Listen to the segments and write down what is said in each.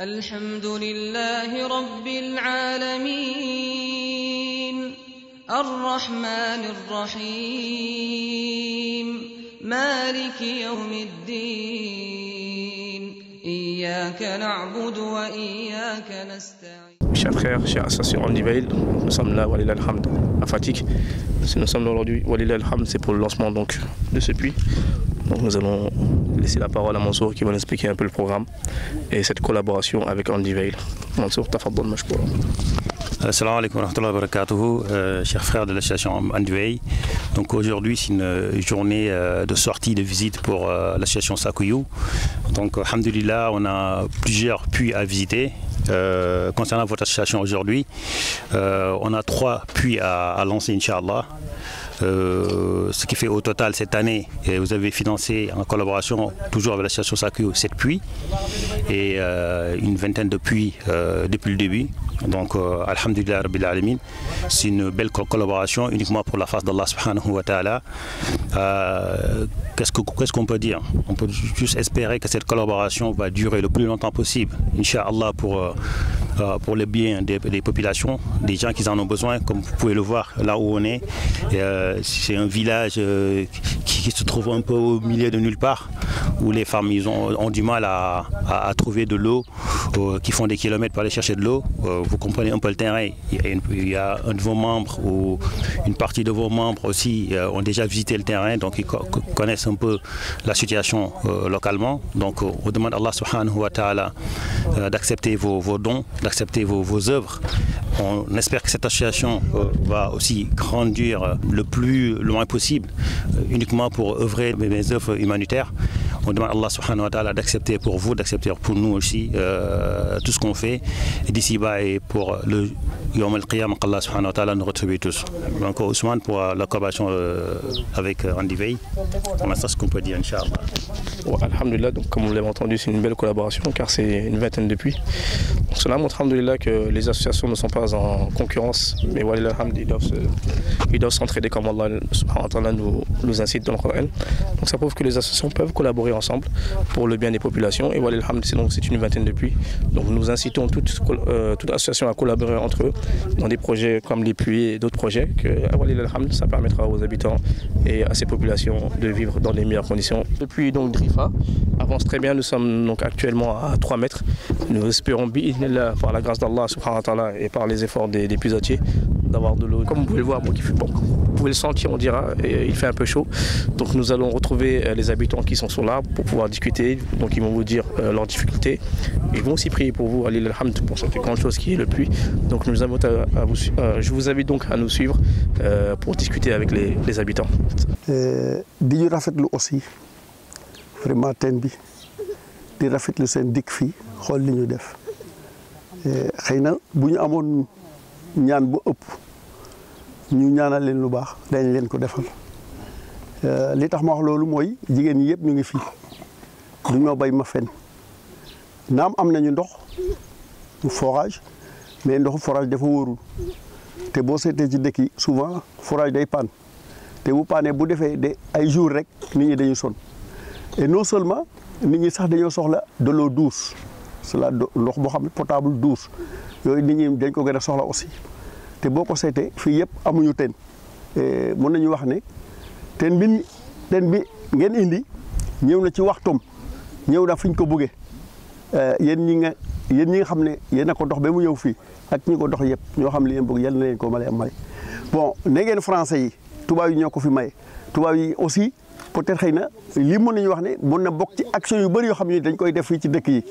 الحمد لله رب العالمين الرحمن الرحيم مالك يوم الدين إياك نعبد وإياك نستعين Chers frères, chers associés en Nivelle, nous sommes là, Walil Alhamd, à Fatik. Nous sommes là aujourd'hui, Walil Alhamd, c'est pour le lancement donc de ce puits. nous allons laisser la parole à Mansour qui va nous expliquer un peu le programme et cette collaboration avec Andy Veil. Mansour, tafadol mashkoura. Assalamu alaikum wa rahmatullahi wa barakatuh, euh, chers frères de l'association Andy Donc aujourd'hui, c'est une journée euh, de sortie, de visite pour euh, l'association Sakuyu. Donc, alhamdulillah, on a plusieurs puits à visiter euh, concernant votre association aujourd'hui, euh, on a trois puits à, lancer, Inch'Allah. Euh, ce qui fait au total cette année, et vous avez financé en collaboration toujours avec l'association SACU 7 puits et une vingtaine de puits depuis le début. Donc, Alhamdulillah Rabbil c'est une belle collaboration uniquement pour la face d'Allah subhanahu wa ta'ala. Qu'est-ce qu'on peut dire On peut juste espérer que cette collaboration va durer le plus longtemps possible, Inch'Allah, pour euh, euh, pour le bien des, populations, des gens qui en ont besoin, comme vous pouvez le voir là où on est. Euh, c'est un village qui, se trouve un peu au milieu de nulle part, où les femmes ont, du mal à trouver de l'eau, qui font des kilomètres pour aller chercher de l'eau, euh, vous comprenez un peu le terrain. Il y, a un de vos membres ou une partie de vos membres aussi euh, ont déjà visité le terrain, donc ils connaissent un peu la situation euh, localement. Donc on demande à Allah subhanahu wa ta'ala d'accepter vos, dons, d'accepter vos, vos œuvres. On espère que cette association va aussi grandir le plus loin possible, uniquement pour œuvrer mes œuvres humanitaires. On demande à Allah subhanahu wa ta'ala d'accepter pour vous, d'accepter pour nous aussi euh, tout ce qu'on fait et d'ici bas et pour le Yom al-Qiyam qu'Allah subhanahu wa ta'ala nous retrouve tous. Donc Ousmane pour la collaboration euh, avec euh, Andy Veil, on a ça ce qu'on peut dire Inch'Allah. alhamdulillah, donc, comme vous l'avez entendu, c'est une belle collaboration car c'est une vingtaine depuis. Donc, cela montre alhamdulillah que les associations ne sont pas en concurrence, mais voilà, ils doivent s'entraider comme Allah nous, incite dans le Coran. Donc ça prouve que les associations peuvent collaborer ensemble pour le bien des populations. Et voilà, donc c'est une vingtaine de puits. Donc nous incitons toute, euh, toute, association à collaborer entre eux dans des projets comme les puits et d'autres projets. Que Hamd, ça permettra aux habitants et à ces populations de vivre dans les meilleures conditions. Depuis donc Drifa avance très bien. Nous sommes donc actuellement à 3 mètres. Nous espérons, bien par la grâce d'Allah et par les efforts des, des puisatiers, d'avoir de l'eau. Comme vous pouvez le voir, moi il fait bon. Vous pouvez le sentir, on dira, et il fait un peu chaud. Donc nous allons retrouver euh, les habitants qui sont sur l'arbre pour pouvoir discuter. Donc ils vont vous dire euh, leurs difficultés. Ils vont aussi prier pour vous, Ali Alhamd, pour cette grande chose qui est le pluie. Donc nous invite à, vous, euh, je vous invite donc à nous suivre pour discuter avec les, les habitants. aussi, vraiment, def ñaan bu ëpp ñu ñaanal leen lu baax dañ leen ko defal euh, li tax ma wax loolu mooy jigéen ñi yëpp ñu ngi fii du ñoo bay ma fen naam am nañu ndox forage mais ndoxu forage dafa wóorul te boo seetee ci dëkk souvent forage day panne te bu paanee bu defee de ay jours rek nit ñi dañu sonn et non seulement nit ñi sax dañoo soxla de l'eau douce c'est la ndox boo xam ne potable douce yooyu nit ñi dañ ko gën a soxla aussi te boo ko seetee fii yëpp amuñu teen eh, mën nañu wax ne teen bi teen bi ngeen indi ñëw na ci waxtoom ñëw na fiñ ko buggee eh, yéen ñi nga yéen ñi nga xam ne yéen a ko dox ba mu ñëw fii ak ñi ko dox yëpp ñoo xam li ngeen bëgg yal na leen ko mën a may bon ne ngeen français yi tubaab yi ñoo ko fi may tubaab yi aussi peut-être xëy na lii mën nañu wax ne mun na bokk ci action yu bari yoo xam ne dañ koy def fii ci dëkk yi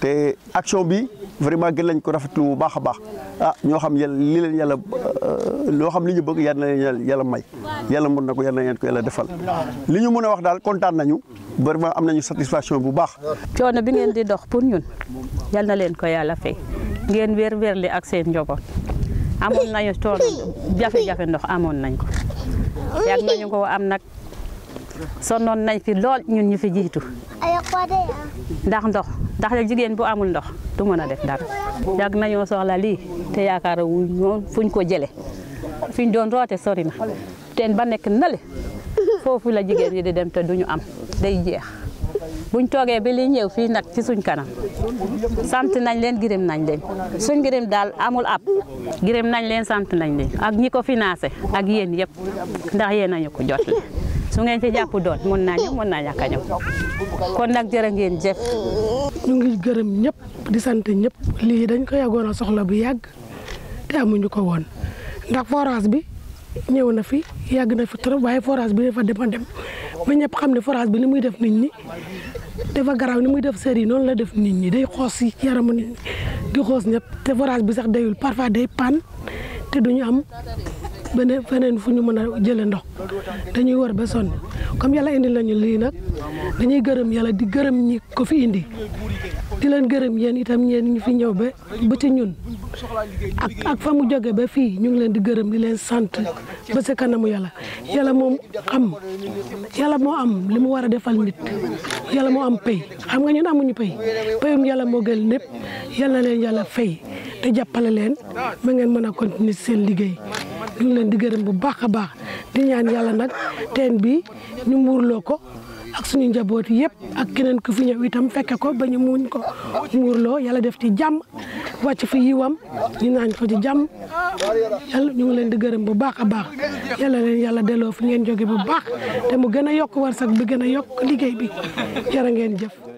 te action bi. vraiment gën lañ ko rafetlu bu baax a baax ah ñoo xam yàlla li leen euh, loo xam li ñu bëgg yàlla na leen yàlla may yàlla mun na ko yàlla na leen ko yàlla defal li ñu mën a wax daal kontaan nañu vraiment am nañu satisfaction bu baax. coono bi ngeen di dox pour ñun yal na leen ko yàlla fay ngeen weer wérle ak seen njaboot amoon nañu coono jafe-jafe ndox amoon nañ ko yàgg nañu ko am nag. sonnoon nañ fi lool ñun ñu fi jiitu ndax ndox ndax la jigéen bu amul ndox du mën a def dara yàgg nañoo soxla lii te yaakaar wu ñoon fuñ ko jële fiñ doon roote sori na teen ba nekk nale foofu la jigéen ñi di dem te duñu am day jeex buñ toogee ba li ñëw fii nag ci suñ kanam sant nañ leen gërëm nañ leen suñ gërëm daal amul ab gërëm nañ leen sant nañ leen ak ñi ko financé ak yéen yëpp ndax yéen nañu ko jot su ngeen ci japp doon mën na ñu mën na ñàkk ñu kon nak jere ngeen jef ñu ngi gërëm ñep di sante ñep li dañ ko yàggoon soxla bu yag te amuñu ko won ndax forage bi ñew na fi yag na fi trop waye forage bi dafa dem dem ba ñep xam forage bi ni muy def nit ñi dafa graw ni muy def seri non la def nit ñi day xoss ci yaram nit di xoss ñep te forage bi sax dayul parfois day pan te duñu am bene fenen fuñu mëna jëlé ndox dañuy wër ba son comme yalla indi lañu li nak dañuy gëreum yalla di gëreum ñi ko fi indi di leen gëreum yeen itam ñeen ñi fi ñëw ba ba ñun ak ak fa mu joggé ba fi ñu ngi leen di gëreum di leen sant ba sa kanamu yalla yalla xam yalla mo am limu mu defal nit yalla mo am pay xam nga ñun amuñu pay payum yalla mo gël lépp yalla leen yalla fay te jappalé leen ba ngeen mëna continuer seen liggéey ñu leen di gërëm bu baax a baax di ñaan yàlla nag teen bi ñu muurloo ko ak suñu njaboot yëpp ak geneen ku fi ñëw itam fekke ko ba ñu muñ ko muurloo yàlla def ci jàmm wàcc fi yiwam ñu naan ko ci jàmm yàlla ñu ngi leen di gërëm bu baax a baax yàlla leen yàlla delloo fu ngeen joge bu baax te mu gën a yokk war sag bi gën a yokk liggéey bi jërë ngeen jëf